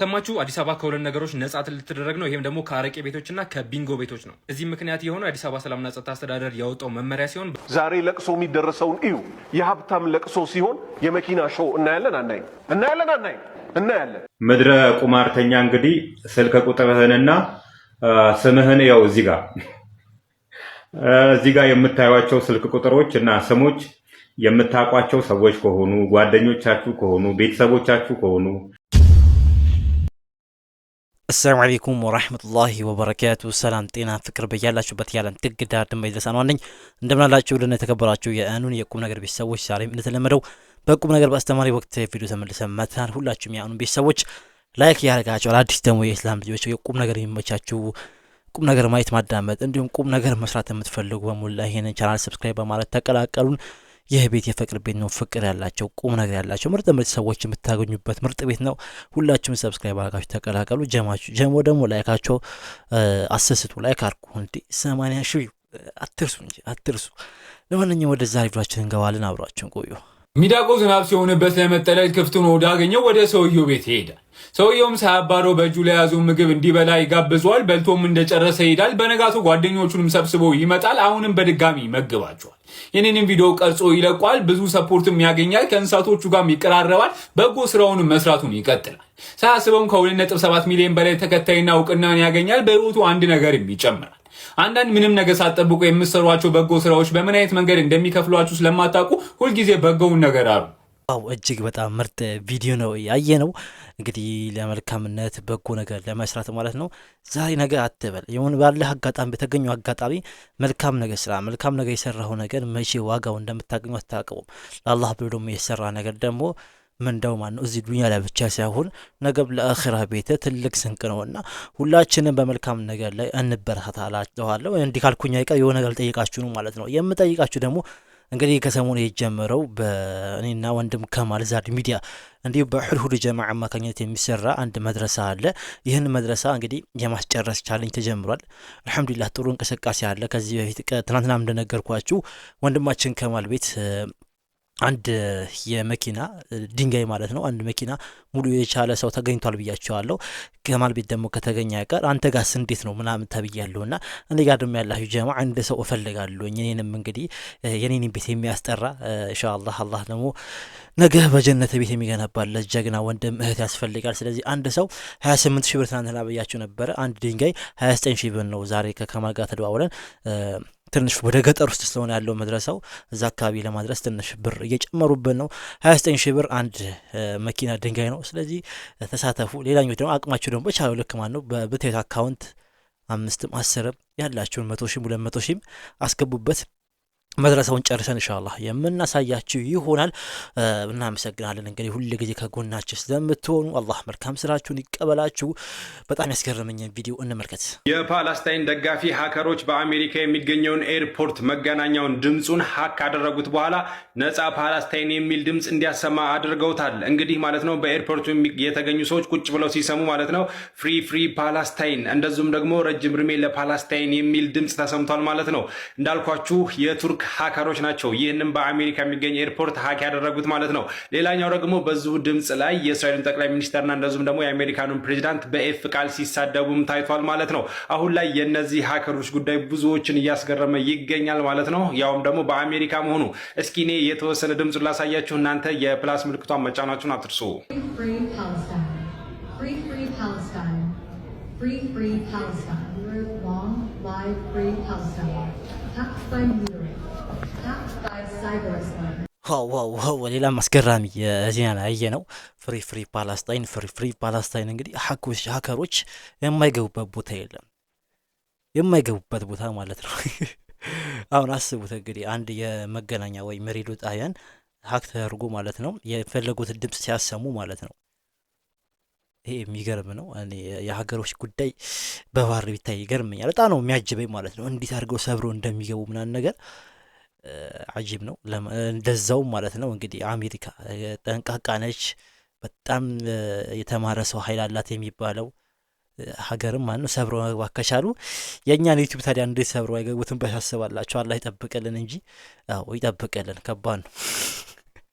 ሰማችሁ፣ አዲስ አበባ ከሁለት ነገሮች ነጻ ልትደረግ ነው። ይህም ደግሞ ከአረቄ ቤቶችና ከቢንጎ ቤቶች ነው። እዚህ ምክንያት የሆነው የአዲስ አበባ ሰላምና ጸጥታ አስተዳደር ያወጣው መመሪያ ሲሆን ዛሬ ለቅሶ የሚደረሰውን እዩ። የሀብታም ለቅሶ ሲሆን የመኪና ሾው እናያለን አናይም፣ እናያለን አናይም፣ እናያለን። ምድረ ቁማርተኛ እንግዲህ ስልክ ቁጥርህንና ስምህን ያው እዚህ ጋር እዚህ ጋር የምታዩቸው ስልክ ቁጥሮች እና ስሞች የምታውቋቸው ሰዎች ከሆኑ ጓደኞቻችሁ ከሆኑ ቤተሰቦቻችሁ ከሆኑ አሰላሙ አለይኩም ወራህመቱላሂ ወበረካቱ። ሰላም ጤና ፍቅር በያላችሁበት የዓለም ጥግ ዳር ድንበር ይድረስ ነው እንደምናላችሁ ልና የተከበራችሁ የአኑን የቁም ነገር ቤተሰቦች ዛሬም እንደተለመደው በቁም ነገር በአስተማሪ ወቅት ቪዲዮ ተመልሰን መጥተናል። ሁላችሁም የአኑን ቤተሰቦች ላይክ ያደረጋችሁ አዲስ ደግሞ የእስላም ልጆች የቁም ነገር የሚመቻችሁ ቁም ነገር ማየት ማዳመጥ፣ እንዲሁም ቁም ነገር መስራት የምትፈልጉ በሙላ ይሄንን ቻናል ሰብስክራይብ በማለት ተቀላቀሉን። ይህ ቤት የፍቅር ቤት ነው። ፍቅር ያላቸው ቁም ነገር ያላቸው ምርጥ ምርጥ ሰዎች የምታገኙበት ምርጥ ቤት ነው። ሁላችሁም ሰብስክራይብ አድርጋችሁ ተቀላቀሉ። ጀማችሁ ጀሞ ደግሞ ላይካቸው አሰስቱ። ላይክ አድርጉ እንዲ ሰማንያ ሺ አትርሱ እንጂ አትርሱ። ለማንኛውም ወደ ዛሬ ቪዲዮችን እንገባለን። አብሯችሁን ቆዩ። ሚዳቆ ዝናብ ሲሆንበት ለመጠለል ክፍቱን ወደ አገኘው ወደ ሰውየው ቤት ይሄዳል። ሰውየውም ሳያባረው በእጁ ላይ ምግብ እንዲበላ ይጋብዘዋል። በልቶም እንደጨረሰ ይሄዳል። በነጋቱ ጓደኞቹንም ሰብስቦ ይመጣል። አሁንም በድጋሚ ይመግባቸዋል። የኔንም ቪዲዮ ቀርጾ ይለቋል። ብዙ ሰፖርትም ያገኛል። ከእንስሳቶቹ ጋርም ይቀራረባል። በጎ ስራውን መስራቱን ይቀጥላል። ሳያስበውም ከ2.7 ሚሊዮን በላይ ተከታይና እውቅናን ያገኛል። በህይወቱ አንድ ነገርም ይጨምራል። አንዳንድ ምንም ነገር ሳትጠብቁ የምትሰሯቸው በጎ ስራዎች በምን አይነት መንገድ እንደሚከፍሏችሁ ስለማታውቁ ሁልጊዜ በጎውን ነገር አሉ ዋው እጅግ በጣም ምርጥ ቪዲዮ ነው ያየ ነው። እንግዲህ ለመልካምነት በጎ ነገር ለመስራት ማለት ነው። ዛሬ ነገ አትበል። የሆን ባለህ አጋጣሚ በተገኘው አጋጣሚ መልካም ነገር ስራ። መልካም ነገር የሰራኸው ነገር መቼ ዋጋው እንደምታገኙ አታውቀውም። ለአላህ ብሎ ደግሞ የሰራ ነገር ደግሞ ምንደው ማን ነው እዚህ ዱኒያ ላይ ብቻ ሳይሆን ነገብ ለአኺራ ቤተ ትልቅ ስንቅ ነው እና ሁላችንም በመልካም ነገር ላይ እንበረታታላችኋለሁ። እንዲህ ካልኩኝ አይቀር የሆነ ነገር ልጠይቃችሁ ነው ማለት ነው የምጠይቃችሁ ደግሞ እንግዲህ ከሰሞኑ የጀመረው በእኔና ወንድም ከማል ዛድ ሚዲያ እንዲሁ በሑልሑል ጀማ አማካኝነት የሚሰራ አንድ መድረሳ አለ። ይህን መድረሳ እንግዲህ የማስጨረስ ቻለኝ ተጀምሯል። አልሐምዱሊላህ ጥሩ እንቅስቃሴ አለ። ከዚህ በፊት ትናንትናም እንደነገርኳችሁ ወንድማችን ከማል ቤት አንድ የመኪና ድንጋይ ማለት ነው። አንድ መኪና ሙሉ የቻለ ሰው ተገኝቷል ብያቸዋለሁ። ከማል ቤት ደግሞ ከተገኘ አይቀር አንተ ጋስ እንዴት ነው ምናምን ተብያለሁ። እና እኔ ጋር ደግሞ ያላችሁ ጀማ አንድ ሰው እፈልጋለሁኝ። እኔንም እንግዲህ የኔን ቤት የሚያስጠራ ኢንሻአላህ አላህ ደግሞ ነገ በጀነት ቤት የሚገነባለት ጀግና ወንድም እህት ያስፈልጋል። ስለዚህ አንድ ሰው 28 ሺህ ብር ትናንትና ብያቸው ነበረ። አንድ ድንጋይ 29 ሺህ ብር ነው። ዛሬ ከከማል ጋር ተደዋውለን ትንሽ ወደ ገጠር ውስጥ ስለሆነ ያለው መድረሰው እዛ አካባቢ ለማድረስ ትንሽ ብር እየጨመሩብን ነው። ሀያ ዘጠኝ ሺህ ብር አንድ መኪና ድንጋይ ነው። ስለዚህ ተሳተፉ። ሌላኞች ደግሞ አቅማችሁ ደግሞ በቻለው ልክ ማን ነው በብትት አካውንት አምስትም አስርም ያላችሁን መቶ ሺም ሁለት መቶ ሺም አስገቡበት። መድረሰውን ጨርሰን እንሻላ የምናሳያችሁ ይሆናል። እናመሰግናለን። እንግዲህ ሁሉ ጊዜ ከጎናችሁ ስለምትሆኑ አላህ መልካም ስራችሁን ይቀበላችሁ። በጣም ያስገረመኝን ቪዲዮ እንመልከት። የፓላስታይን ደጋፊ ሀከሮች በአሜሪካ የሚገኘውን ኤርፖርት መገናኛውን ድምፁን ሀክ ካደረጉት በኋላ ነፃ ፓላስታይን የሚል ድምፅ እንዲያሰማ አድርገውታል። እንግዲህ ማለት ነው በኤርፖርቱ የተገኙ ሰዎች ቁጭ ብለው ሲሰሙ ማለት ነው ፍሪ ፍሪ ፓላስታይን እንደዚሁም ደግሞ ረጅም እድሜ ለፓላስታይን የሚል ድምፅ ተሰምቷል ማለት ነው። እንዳልኳችሁ የቱርክ የቱርክ ሀከሮች ናቸው ይህንም በአሜሪካ የሚገኝ ኤርፖርት ሀክ ያደረጉት ማለት ነው። ሌላኛው ደግሞ በዚሁ ድምፅ ላይ የእስራኤልን ጠቅላይ ሚኒስተርና እንደዚሁም ደግሞ የአሜሪካኑን ፕሬዚዳንት በኤፍ ቃል ሲሳደቡም ታይቷል ማለት ነው። አሁን ላይ የነዚህ ሀከሮች ጉዳይ ብዙዎችን እያስገረመ ይገኛል ማለት ነው። ያውም ደግሞ በአሜሪካ መሆኑ። እስኪ እኔ የተወሰነ ድምፁን ላሳያችሁ፣ እናንተ የፕላስ ምልክቷን መጫናችሁን አትርሱ። Free, free Palestine. You're long, live, free Palestine. Attacked by Europe. ሌላ አስገራሚ ዜና ያየ ነው። ፍሪ ፍሪ ፓላስታይን ፍሪ ፍሪ ፓላስታይን እንግዲህ ሀከሮች የማይገቡበት ቦታ የለም፣ የማይገቡበት ቦታ ማለት ነው። አሁን አስቡት እንግዲህ አንድ የመገናኛ ወይ መሬዶ ጣቢያን ሀክ ተደርጎ ማለት ነው የፈለጉት ድምፅ ሲያሰሙ ማለት ነው። ይሄ የሚገርም ነው። እኔ የሀገሮች ጉዳይ በባህር ቢታይ ይገርመኛል። በጣም ነው የሚያጅበኝ ማለት ነው። እንዴት አድርገው ሰብሮ እንደሚገቡ ምናምን ነገር አጂብ ነው። እንደዛው ማለት ነው እንግዲህ አሜሪካ ጠንቃቃ ነች። በጣም የተማረ ሰው ኃይል አላት የሚባለው ሀገርም ማለት ነው ሰብረው መግባት ከቻሉ የእኛን ዩቲዩብ ታዲያ እንዴት ሰብረው አይገቡትም? ባሽ አላ አላህ ይጠብቅልን እንጂ አዎ ይጠብቅልን። ከባድ ነው።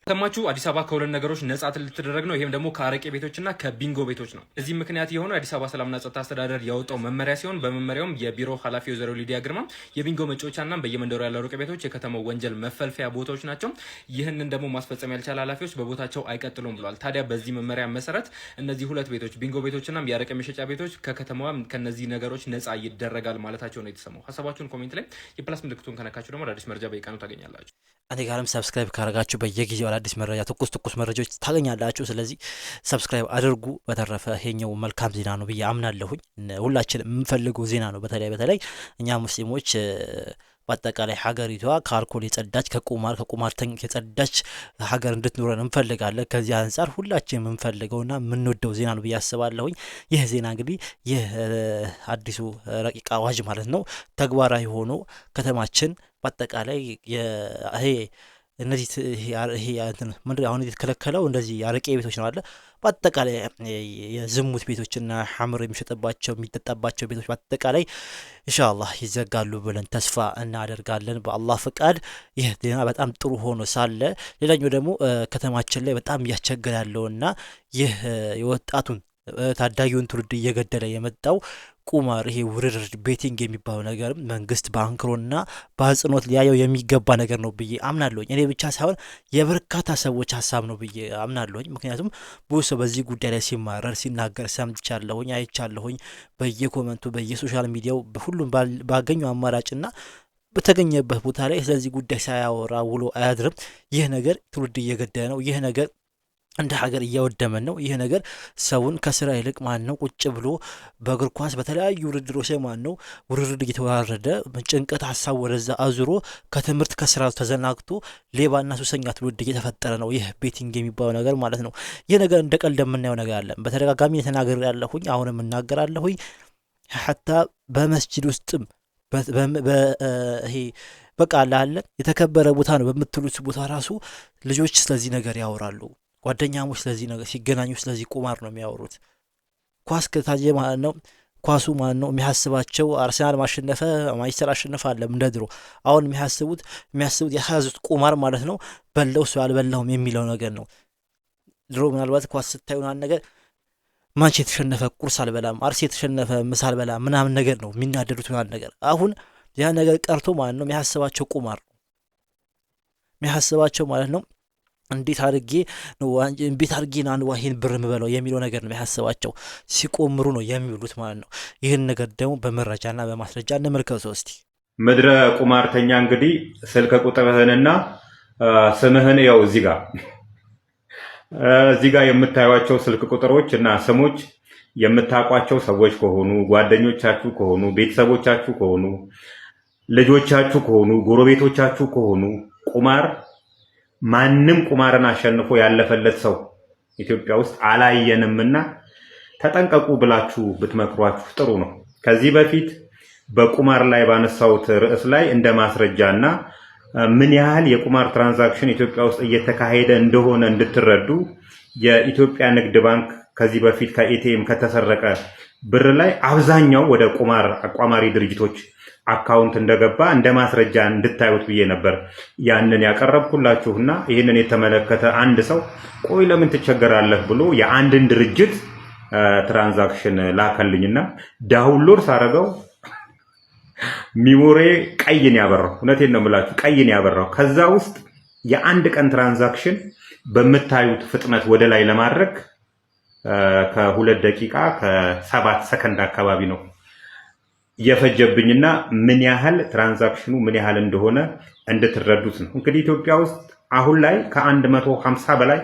ሰማችሁ አዲስ አበባ ከሁለት ነገሮች ነጻ ልትደረግ ነው። ይህም ደግሞ ከአረቄ ቤቶችና ከቢንጎ ቤቶች ነው። እዚህ ምክንያት የሆነው የአዲስ አበባ ሰላምና ጸጥታ አስተዳደር ያወጣው መመሪያ ሲሆን በመመሪያውም የቢሮ ኃላፊ ወይዘሮ ሊዲያ ግርማ የቢንጎ መጫወቻና በየመንደሩ ያለ አረቄ ቤቶች የከተማው ወንጀል መፈልፈያ ቦታዎች ናቸው፣ ይህንን ደግሞ ማስፈጸም ያልቻለ ኃላፊዎች በቦታቸው አይቀጥሉም ብሏል። ታዲያ በዚህ መመሪያ መሰረት እነዚህ ሁለት ቤቶች ቢንጎ ቤቶችና የአረቄ መሸጫ ቤቶች ከከተማዋ ከነዚህ ነገሮች ነጻ ይደረጋል ማለታቸው ነው የተሰማው። ሀሳባችሁን ኮሜንት ላይ የፕላስ ምልክቱን ከነካችሁ ደግሞ አዳዲስ መረጃ በየቀኑ ታገኛላችሁ። አንዴ ጋርም ሰብስክራይብ ካረጋችሁ በየጊዜው አዳዲስ መረጃ፣ ትኩስ ትኩስ መረጃዎች ታገኛላችሁ። ስለዚህ ሰብስክራይብ አድርጉ። በተረፈ ይሄኛው መልካም ዜና ነው ብዬ አምናለሁኝ። ሁላችን የምንፈልገው ዜና ነው። በተለይ በተለይ እኛ ሙስሊሞች በአጠቃላይ ሀገሪቷ ከአልኮል የጸዳች ከቁማር ከቁማርተኞች የጸዳች ሀገር እንድትኖረን እንፈልጋለን። ከዚህ አንጻር ሁላችን የምንፈልገውና የምንወደው ዜና ነው ብዬ አስባለሁኝ። ይህ ዜና እንግዲህ ይህ አዲሱ ረቂቅ አዋጅ ማለት ነው ተግባራዊ ሆኖ ከተማችን በአጠቃላይ ይሄ እነዚህ አሁን የተከለከለው እንደዚህ የአረቄ ቤቶች ነው አለ። በአጠቃላይ የዝሙት ቤቶችና ሐምር የሚሸጥባቸው የሚጠጣባቸው ቤቶች በአጠቃላይ ኢንሻአላህ ይዘጋሉ ብለን ተስፋ እናደርጋለን በአላህ ፈቃድ። ይህ ዜና በጣም ጥሩ ሆኖ ሳለ ሌላኛው ደግሞ ከተማችን ላይ በጣም እያስቸገረ ያለውና ይህ የወጣቱን ታዳጊውን ትውልድ እየገደለ የመጣው ቁማር ይሄ ውርርድ ቤቲንግ የሚባለው ነገር መንግስት በአንክሮና በአጽንኦት ሊያየው የሚገባ ነገር ነው ብዬ አምናለሁኝ። እኔ ብቻ ሳይሆን የበርካታ ሰዎች ሀሳብ ነው ብዬ አምናለሁኝ። ምክንያቱም ብዙ ሰው በዚህ ጉዳይ ላይ ሲማረር ሲናገር ሰምቻለሁኝ፣ አይቻለሁኝ። በየኮመንቱ በየሶሻል ሚዲያው በሁሉም ባገኘው አማራጭና በተገኘበት ቦታ ላይ ስለዚህ ጉዳይ ሳያወራ ውሎ አያድርም። ይህ ነገር ትውልድ እየገደለ ነው። ይህ ነገር እንደ ሀገር እያወደመን ነው። ይህ ነገር ሰውን ከስራ ይልቅ ማን ነው ቁጭ ብሎ በእግር ኳስ በተለያዩ ውድድሮች ላይ ማን ነው ውርርድ እየተወራረደ ጭንቀት፣ ሀሳብ ወደዛ አዙሮ ከትምህርት ከስራ ተዘናግቶ ሌባና ሱሰኛ ትውልድ እየተፈጠረ ነው። ይህ ቤቲንግ የሚባለው ነገር ማለት ነው። ይህ ነገር እንደ ቀልድ የምናየው ነገር አለን። በተደጋጋሚ የተናገር ያለሁኝ አሁንም እናገራለሁኝ። ሀታ በመስጅድ ውስጥም ይሄ በቃ ላለን የተከበረ ቦታ ነው በምትሉት ቦታ ራሱ ልጆች ስለዚህ ነገር ያወራሉ። ጓደኛሞች ስለዚህ ነገር ሲገናኙ ስለዚህ ቁማር ነው የሚያወሩት። ኳስ ከታየ ማለት ነው ኳሱ ማለት ነው የሚያስባቸው አርሰናል ማሸነፈ ማንቸስተር አሸነፈ አለም እንደ ድሮ። አሁን የሚያስቡት የሚያስቡት የያዙት ቁማር ማለት ነው በለው ሰው አልበላውም የሚለው ነገር ነው። ድሮ ምናልባት ኳስ ስታዩ ስታዩናል ነገር ማንች የተሸነፈ ቁርስ አልበላም፣ አርሴ የተሸነፈ ምሳ አልበላም ምናምን ነገር ነው የሚናደዱት ምናምን ነገር። አሁን ያ ነገር ቀርቶ ማለት ነው የሚያስባቸው ቁማር ነው የሚያስባቸው ማለት ነው እንዴት አድርጌ እንዴት አድርጌ ይህን ብር ምበለው የሚለው ነገር ነው ያሳሰባቸው። ሲቆምሩ ነው የሚውሉት ማለት ነው። ይህን ነገር ደግሞ በመረጃና በማስረጃ እንመልከተው እስቲ። ምድረ ቁማርተኛ እንግዲህ ስልክ ቁጥርህንና ስምህን ያው እዚህ ጋር እዚህ ጋር የምታዩቸው ስልክ ቁጥሮች እና ስሞች የምታውቋቸው ሰዎች ከሆኑ ጓደኞቻችሁ ከሆኑ ቤተሰቦቻችሁ ከሆኑ ልጆቻችሁ ከሆኑ ጎረቤቶቻችሁ ከሆኑ ቁማር ማንም ቁማርን አሸንፎ ያለፈለት ሰው ኢትዮጵያ ውስጥ አላየንምና ተጠንቀቁ ብላችሁ ብትመክሯችሁ ጥሩ ነው። ከዚህ በፊት በቁማር ላይ ባነሳሁት ርዕስ ላይ እንደ ማስረጃ እና ምን ያህል የቁማር ትራንዛክሽን ኢትዮጵያ ውስጥ እየተካሄደ እንደሆነ እንድትረዱ የኢትዮጵያ ንግድ ባንክ ከዚህ በፊት ከኤቲኤም ከተሰረቀ ብር ላይ አብዛኛው ወደ ቁማር አቋማሪ ድርጅቶች አካውንት እንደገባ እንደ ማስረጃ እንድታዩት ብዬ ነበር ያንን ያቀረብኩላችሁና ይህንን የተመለከተ አንድ ሰው ቆይ ለምን ትቸገራለህ ብሎ የአንድን ድርጅት ትራንዛክሽን ላከልኝና ዳውንሎድ ሳረገው ሚሞሬ ቀይን ያበራው። እውነቴን ነው የምላችሁ፣ ቀይን ያበራው። ከዛ ውስጥ የአንድ ቀን ትራንዛክሽን በምታዩት ፍጥነት ወደ ላይ ለማድረግ ከሁለት ደቂቃ ከሰባት ሰከንድ አካባቢ ነው የፈጀብኝና ምን ያህል ትራንዛክሽኑ ምን ያህል እንደሆነ እንድትረዱት ነው። እንግዲህ ኢትዮጵያ ውስጥ አሁን ላይ ከ150 በላይ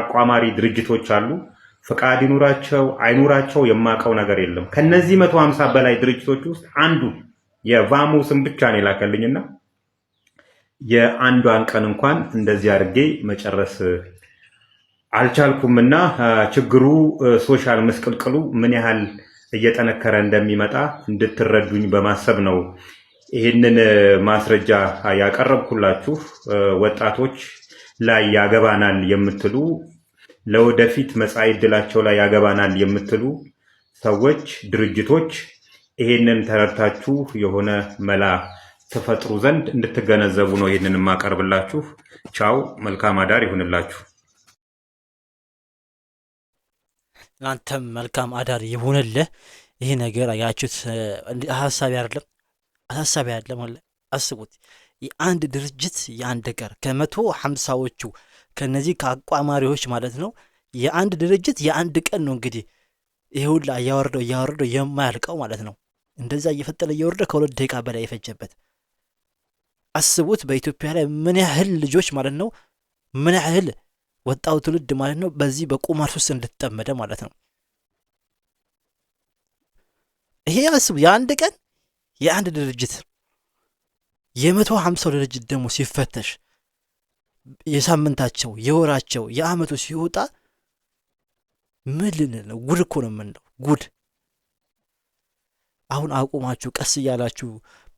አቋማሪ ድርጅቶች አሉ። ፍቃድ ይኑራቸው አይኑራቸው የማውቀው ነገር የለም። ከነዚህ 150 በላይ ድርጅቶች ውስጥ አንዱ የቫሙስን ብቻ ነው የላከልኝና የአንዷን ቀን እንኳን እንደዚህ አድርጌ መጨረስ አልቻልኩም እና ችግሩ ሶሻል ምስቅልቅሉ ምን ያህል እየጠነከረ እንደሚመጣ እንድትረዱኝ በማሰብ ነው ይህንን ማስረጃ ያቀረብኩላችሁ። ወጣቶች ላይ ያገባናል የምትሉ ለወደፊት መጻኢ ዕድላቸው ላይ ያገባናል የምትሉ ሰዎች፣ ድርጅቶች ይሄንን ተረድታችሁ የሆነ መላ ትፈጥሩ ዘንድ እንድትገነዘቡ ነው ይህንን የማቀርብላችሁ። ቻው፣ መልካም አዳር ይሁንላችሁ። ለአንተም መልካም አዳር የሆነልህ። ይህ ነገር አያችሁት፣ አሳሳቢ አይደለም? አሳሳቢ አይደለም? አስቡት፣ የአንድ ድርጅት የአንድ ሀገር ከመቶ ሀምሳዎቹ ከነዚህ ከአቋማሪዎች ማለት ነው የአንድ ድርጅት የአንድ ቀን ነው እንግዲህ ይህ ሁላ እያወረደው እያወረደው የማያልቀው ማለት ነው። እንደዛ እየፈጠለ እየወረደ ከሁለት ደቂቃ በላይ የፈጀበት አስቡት። በኢትዮጵያ ላይ ምን ያህል ልጆች ማለት ነው ምን ያህል ወጣው ትውልድ ማለት ነው በዚህ በቁማር ውስጥ እንደተጠመደ ማለት ነው። ይሄ አስቡ፣ የአንድ ቀን የአንድ ድርጅት የመቶ ሀምሳው ድርጅት ደግሞ ሲፈተሽ የሳምንታቸው የወራቸው የአመቱ ሲወጣ ምን ልንል ነው? ጉድ እኮ ነው የምንለው ጉድ። አሁን አቁማችሁ ቀስ እያላችሁ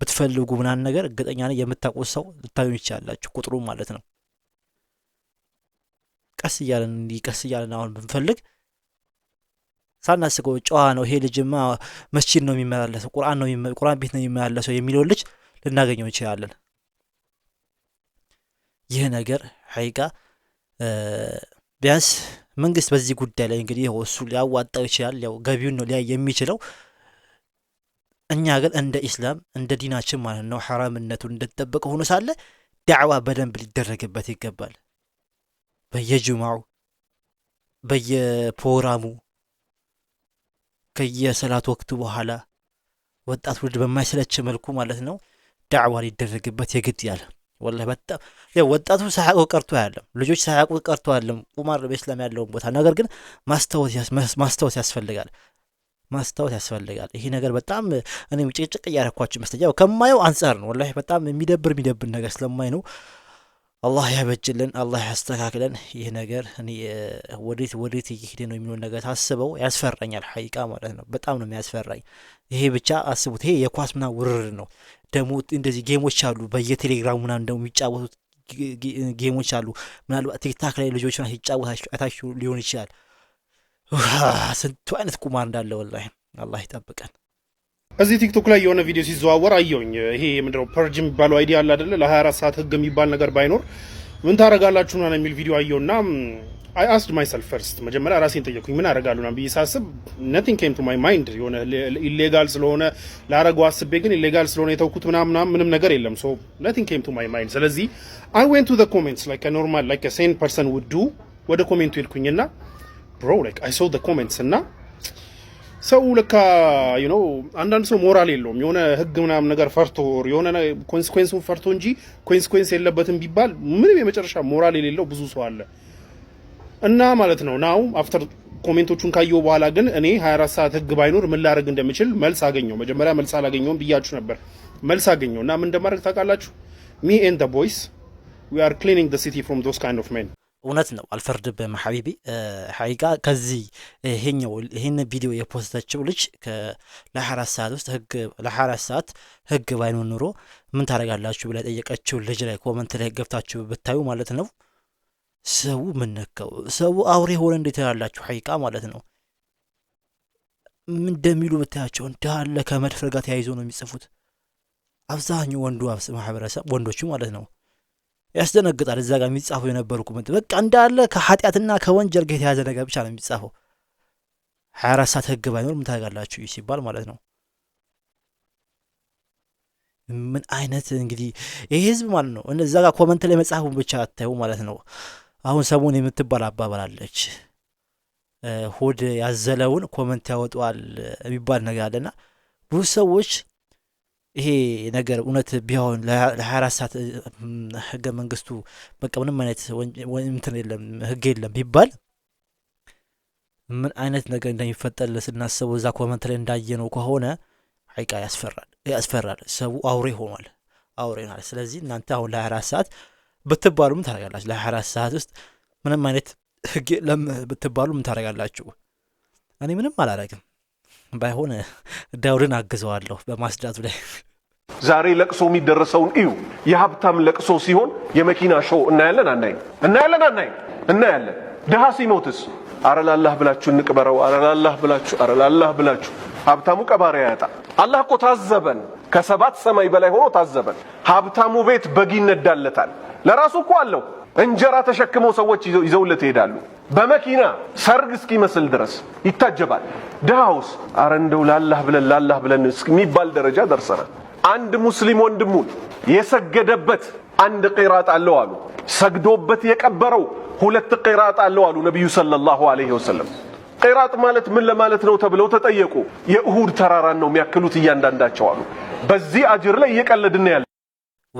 ብትፈልጉ ምናምን ነገር እርግጠኛ ነኝ የምታውቁት ሰው ቁጥሩ ማለት ነው። ቀስ እያለን እንዲህ ቀስ እያለን አሁን ብንፈልግ ሳናስገው ጨዋ ነው ይሄ ልጅማ መስጂድ ነው የሚመላለሰው፣ ቁርአን ነው ቁርአን ቤት ነው የሚመላለሰው የሚለው ልጅ ልናገኘው እንችላለን። ይህ ነገር ሀይቃ ቢያንስ መንግስት በዚህ ጉዳይ ላይ እንግዲህ እሱ ሊያዋጣው ይችላል፣ ያው ገቢውን ነው ሊያይ የሚችለው። እኛ ግን እንደ ኢስላም እንደ ዲናችን ማለት ነው ሐራምነቱ እንደተጠበቀ ሆኖ ሳለ ዳዕዋ በደንብ ሊደረግበት ይገባል። በየጅማው በየፕሮግራሙ ከየሰላት ወቅቱ በኋላ ወጣት ውልድ በማይሰለች መልኩ ማለት ነው ዳዕዋ ሊደረግበት የግድ ያለ ወላ በጣም ያው ወጣቱ ሳያቁ ቀርቶ አያለም። ልጆች ሳያቁ ቀርቶ አያለም ቁማር በስላም ያለውን ቦታ ነገር ግን ማስታወስ ያስፈልጋል። ማስታወስ ያስፈልጋል። ይሄ ነገር በጣም እኔም ጭቅጭቅ እያረኳቸው መስለኝ ያው ከማየው አንጻር ነው። ወላ በጣም የሚደብር የሚደብር ነገር ስለማይ ነው። አላህ ያበጅልን፣ አላህ ያስተካክለን። ይህ ነገር ወዴት ወዴት እየሄደ ነው የሚለውን ነገር ታስበው ያስፈራኛል፣ ሀቂቃ ማለት ነው። በጣም ነው የሚያስፈራኝ። ይሄ ብቻ አስቡት፣ ይሄ የኳስ ምና ውርርድ ነው። ደግሞ እንደዚህ ጌሞች አሉ፣ በየቴሌግራሙ ምና ደግሞ የሚጫወቱት ጌሞች አሉ። ምናልባት ቲክታክ ላይ ልጆች ሲጫወት አይታችሁ ሊሆን ይችላል። ስንቱ አይነት ቁማር እንዳለ ወላሂ፣ አላህ ይጠብቀን። እዚህ ቲክቶክ ላይ የሆነ ቪዲዮ ሲዘዋወር አየውኝ። ይሄ ምንድነው ፐርጅ የሚባለው አይዲያ አለ አይደለ? ለ24 ሰዓት ህግ የሚባል ነገር ባይኖር ምን ታደርጋላችሁ ና የሚል ቪዲዮ አየውና አይ አስድ ማይሰልፍ ፈርስት መጀመሪያ ራሴን ጠየቅኩኝ። ምን ና ብዬ ሳስብ ነቲንግ ኬም ቱ ማይ ማይንድ የሆነ ኢሌጋል ስለሆነ ላረገው አስቤ ግን ኢሌጋል ስለሆነ የተውኩት ምናምና ምንም ነገር የለም። ሶ ነቲንግ ኬም ቱ ማይ ማይንድ። ስለዚህ አይ ዌንት ቱ ዘ ኮሜንትስ ላይክ ኖርማል ላይክ ሴን ፐርሰን ውዱ ወደ ኮሜንቱ ሄድኩኝና ብሮ ላይክ አይ ሶ ዘ ኮሜንትስ እና ሰው ለካ ነው። አንዳንድ ሰው ሞራል የለውም። የሆነ ህግ ምናምን ነገር ፈርቶ የሆነ ኮንስኮንሱን ፈርቶ እንጂ ኮንስኮንስ የለበትም ቢባል ምንም የመጨረሻ ሞራል የሌለው ብዙ ሰው አለ እና ማለት ነው ናው አፍተር ኮሜንቶቹን ካየው በኋላ ግን እኔ 24 ሰዓት ህግ ባይኖር ምን ላደርግ እንደምችል መልስ አገኘው። መጀመሪያ መልስ አላገኘውም ብያችሁ ነበር። መልስ አገኘው እና ምን እንደማድረግ ታውቃላችሁ? ሚ ን ቦይስ ዊ አር ክሊኒንግ ሲቲ ፍሮም ዶስ ካይንድ ኦፍ ሜን እውነት ነው አልፈርድ ሀቢቢ ሀቂቃ ከዚህ ይሄኛው ይህን ቪዲዮ የፖስተችው ልጅ ለሀያ ሰዓት ውስጥ ህግ ለሀያ ሰዓት ህግ ባይኖር ኑሮ ምን ታደርጋላችሁ ብላ የጠየቀችው ልጅ ላይ ኮመንት ላይ ገብታችሁ ብታዩ ማለት ነው ሰው ምነከው ሰው አውሬ ሆነ እንዴት ያላችሁ ሀይቃ ማለት ነው እንደሚሉ ብታያቸው እንዳለ ከመድፈር ጋር ተያይዞ ነው የሚጽፉት አብዛኛው ወንዱ ማህበረሰብ ወንዶቹ ማለት ነው ያስደነግጣል። እዛ ጋር የሚጻፉ የነበሩ ኮመንት በቃ እንዳለ ከኃጢአትና ከወንጀል ጋር የተያዘ ነገር ብቻ ነው የሚጻፈው። ሀያ አራት ሰዓት ህግ ባይኖር ምን ታደርጋላችሁ ሲባል ማለት ነው። ምን አይነት እንግዲህ ይህ ህዝብ ማለት ነው እዛ ጋር ኮመንት ላይ መጽሐፉን ብቻ አታዩ ማለት ነው። አሁን ሰሞን የምትባል አባባላለች ሆድ ያዘለውን ኮመንት ያወጣዋል የሚባል ነገር አለና ብዙ ሰዎች ይሄ ነገር እውነት ቢሆን ለ24 ሰዓት ህገ መንግስቱ በቃ ምንም አይነት እንትን የለም ህግ የለም ቢባል ምን አይነት ነገር እንደሚፈጠር ስናስበው እዛ ኮመንት ላይ እንዳየነው ከሆነ አይቃ ያስፈራል ያስፈራል። ሰው አውሬ ሆኗል፣ አውሬ ሆኗል። ስለዚህ እናንተ አሁን ለ24 ሰዓት ብትባሉ ምን ታደርጋላችሁ? ለ24 ሰዓት ውስጥ ምንም አይነት ህግ የለም ብትባሉ ምን ታደርጋላችሁ? እኔ ምንም አላደርግም። ባይሆን ዳውድን አግዘዋለሁ በማስዳቱ ላይ። ዛሬ ለቅሶ የሚደረሰውን እዩ። የሀብታም ለቅሶ ሲሆን የመኪና ሾው እናያለን አናይም፣ እናያለን አናይም፣ እናያለን። ድሃ ሲሞትስ አረላላህ ብላችሁ እንቅበረው፣ አረላላህ ብላችሁ፣ አረላላህ ብላችሁ። ሀብታሙ ቀባሪ ያጣ። አላህ እኮ ታዘበን፣ ከሰባት ሰማይ በላይ ሆኖ ታዘበን። ሀብታሙ ቤት በግ ይነዳለታል። ለራሱ እኮ አለው እንጀራ ተሸክመው ሰዎች ይዘውለት ይሄዳሉ። በመኪና ሰርግ እስኪመስል ድረስ ይታጀባል። ድሃውስ አረ እንደው ላላህ ብለን ላላህ ብለን እስከሚባል ደረጃ ደርሰናል። አንድ ሙስሊም ወንድሙን የሰገደበት አንድ ቂራጥ አለው አሉ። ሰግዶበት የቀበረው ሁለት ቂራጥ አለው አሉ ነቢዩ ሰለላሁ ዐለይሂ ወሰለም። ቂራጥ ማለት ምን ለማለት ነው ተብለው ተጠየቁ። የእሁድ ተራራን ነው የሚያክሉት እያንዳንዳቸው አሉ። በዚህ አጅር ላይ እየቀለድን ያለ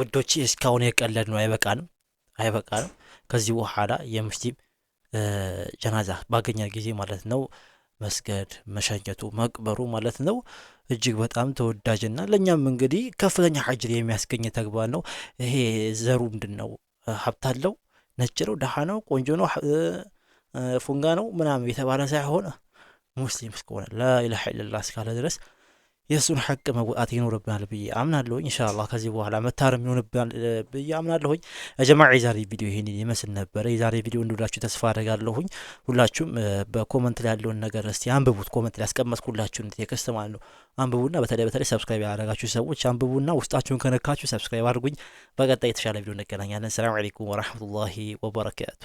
ውዶች፣ እስካሁን የቀለድ ነው አይበቃንም። አይበቃንም። ከዚህ በኋላ የሙስሊም ጀናዛ ባገኘ ጊዜ ማለት ነው መስገድ መሸኘቱ መቅበሩ ማለት ነው እጅግ በጣም ተወዳጅና ለእኛም እንግዲህ ከፍተኛ ሀጅር የሚያስገኝ ተግባር ነው። ይሄ ዘሩ ምንድን ነው? ሀብታለው ነጭ ነው፣ ደሃ ነው፣ ቆንጆ ነው፣ ፉንጋ ነው ምናምን የተባለ ሳይሆን ሙስሊም እስከሆነ ላኢላሃ ኢለላህ እስካለ ድረስ የእሱን ሐቅ መወጣት ይኖርብናል ብዬ አምናለሁኝ። እንሻላ ከዚህ በኋላ መታረም ይሆንብናል ብዬ አምናለሁኝ። ጀማዓ የዛሬ ቪዲዮ ይህን ይመስል ነበረ። የዛሬ ቪዲዮ እንደወዳችሁ ተስፋ አደርጋለሁኝ። ሁላችሁም በኮመንት ላይ ያለውን ነገር እስቲ አንብቡት። ኮመንት ላይ ያስቀመጥኩላችሁን ቴክስት ማለት ነው አንብቡና፣ በተለይ በተለይ ሰብስክራይብ ያደረጋችሁ ሰዎች አንብቡና ውስጣችሁን ከነካችሁ ሰብስክራይብ አድርጉኝ። በቀጣይ የተሻለ ቪዲዮ እንገናኛለን። ሰላም አለይኩም ወራህመቱላሂ ወበረካቱ